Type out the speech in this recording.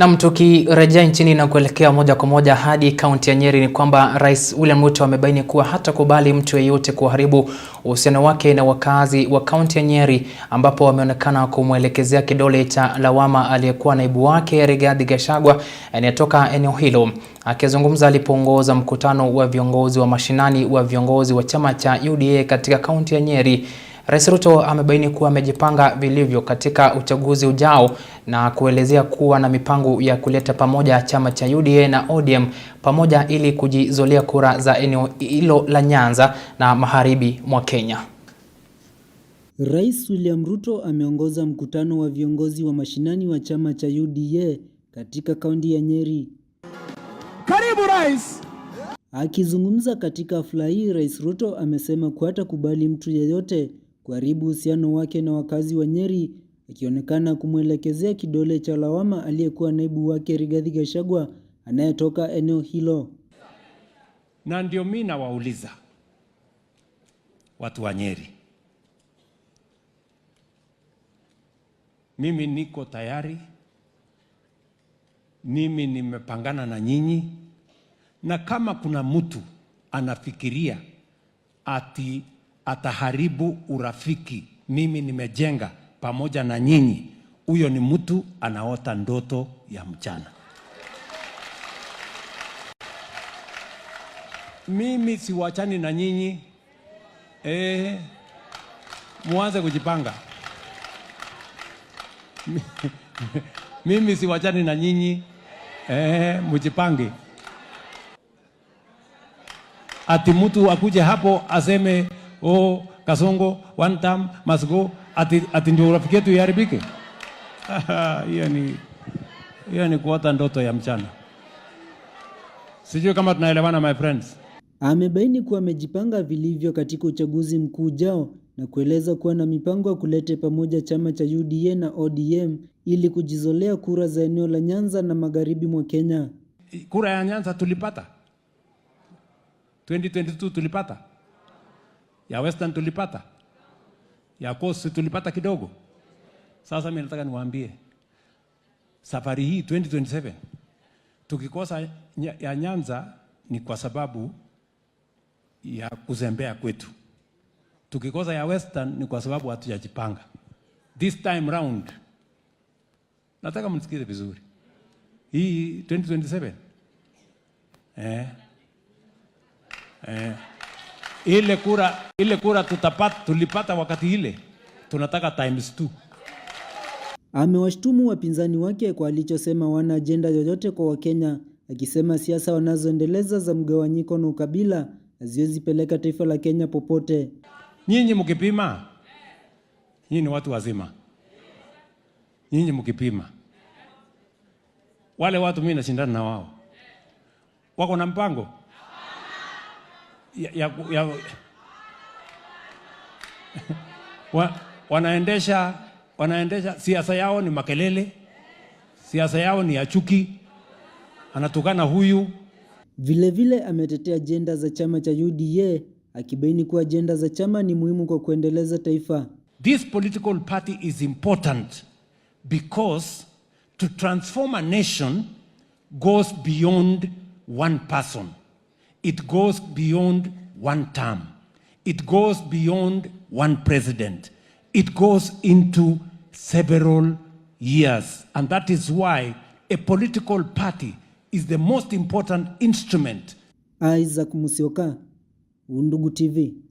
Nam, tukirejea nchini na kuelekea moja kwa moja hadi kaunti ya Nyeri ni kwamba Rais William Ruto amebaini kuwa hatakubali mtu yeyote kuharibu uhusiano wake na wakazi wa kaunti ya Nyeri, ambapo wameonekana kumwelekezea kidole cha lawama aliyekuwa naibu wake Rigathi Gachagua anayetoka eneo hilo. Akizungumza alipoongoza mkutano wa viongozi wa mashinani wa viongozi wa chama cha UDA katika kaunti ya Nyeri, Rais Ruto amebaini kuwa amejipanga vilivyo katika uchaguzi ujao na kuelezea kuwa na mipango ya kuleta pamoja chama cha UDA na ODM pamoja ili kujizolea kura za eneo hilo la Nyanza na magharibi mwa Kenya. Rais William Ruto ameongoza mkutano wa viongozi wa mashinani wa chama cha UDA katika kaunti ya Nyeri. Karibu rais. Akizungumza katika hafla hii, Rais Ruto amesema kuwa hatakubali mtu yeyote kuharibu uhusiano wake na wakazi wa Nyeri, akionekana kumwelekezea kidole cha lawama aliyekuwa naibu wake Rigathi Gachagua anayetoka eneo hilo. Na ndio mimi nawauliza watu wa Nyeri, mimi niko tayari, mimi nimepangana na nyinyi, na kama kuna mtu anafikiria ati ataharibu urafiki mimi nimejenga pamoja na nyinyi. Huyo ni mtu anaota ndoto ya mchana. Mimi siwachani na nyinyi eh, muanze kujipanga. Mimi siwachani na nyinyi eh, mujipange. Ati mtu akuje hapo aseme oh, Kasongo one time must go, ati, ati ndio rafiki yetu iharibike? hiyo ni, hiyo ni kuota ndoto ya mchana. Sijui kama tunaelewana my friends. Amebaini kuwa amejipanga vilivyo katika uchaguzi mkuu ujao na kueleza kuwa na mipango ya kulete pamoja chama cha UDA na ODM ili kujizolea kura za eneo la Nyanza na magharibi mwa Kenya. Kura ya Nyanza tulipata 2022 tulipata ya Western tulipata, ya Coast tulipata kidogo. Sasa mimi nataka niwaambie safari hii 2027 tukikosa ya Nyanza ni kwa sababu ya kuzembea kwetu. Tukikosa ya Western ni kwa sababu hatujajipanga. This time round, nataka mnisikize vizuri hii 2027 eh. Eh ile kura, ile kura tutapata, tulipata wakati ile tunataka times two. Amewashtumu wapinzani wake kwa alichosema wana ajenda yoyote kwa Wakenya, akisema siasa wanazoendeleza za mgawanyiko na ukabila peleka taifa la Kenya popote. Nyinyi mkipima, nyinyi ni watu wazima, nyinyi mkipima wale watu, mimi nashindana na wao, wako na mpango ya, ya, ya, wa, wanaendesha wanaendesha siasa yao ni makelele, siasa yao ni ya chuki, anatukana huyu. Vilevile ametetea ajenda za chama cha UDA akibaini kuwa ajenda za chama ni muhimu kwa kuendeleza taifa. This political party is important because to transform a nation goes beyond one person. It goes beyond one term. It goes beyond one president. It goes into several years. And that is why a political party is the most important instrument. Isaac musioka Undugu TV.